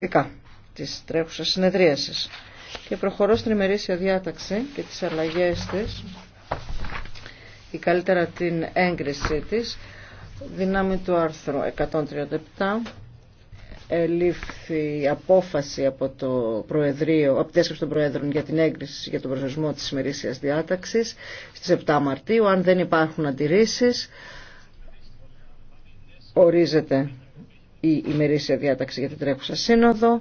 δικά της τρέχουσας συνεδρίασης. Και προχωρώ στην ημερήσια διάταξη και τις αλλαγές της, ή καλύτερα την έγκρισή της, δυνάμει του άρθρου 137, ελήφθη απόφαση από το Προεδρείο, από τη των Προέδρων για την έγκριση για τον προσορισμό της ημερήσια διάταξης στις 7 Μαρτίου. Αν δεν υπάρχουν αντιρρήσεις, ορίζεται η ημερήσια διάταξη για την τρέχουσα σύνοδο.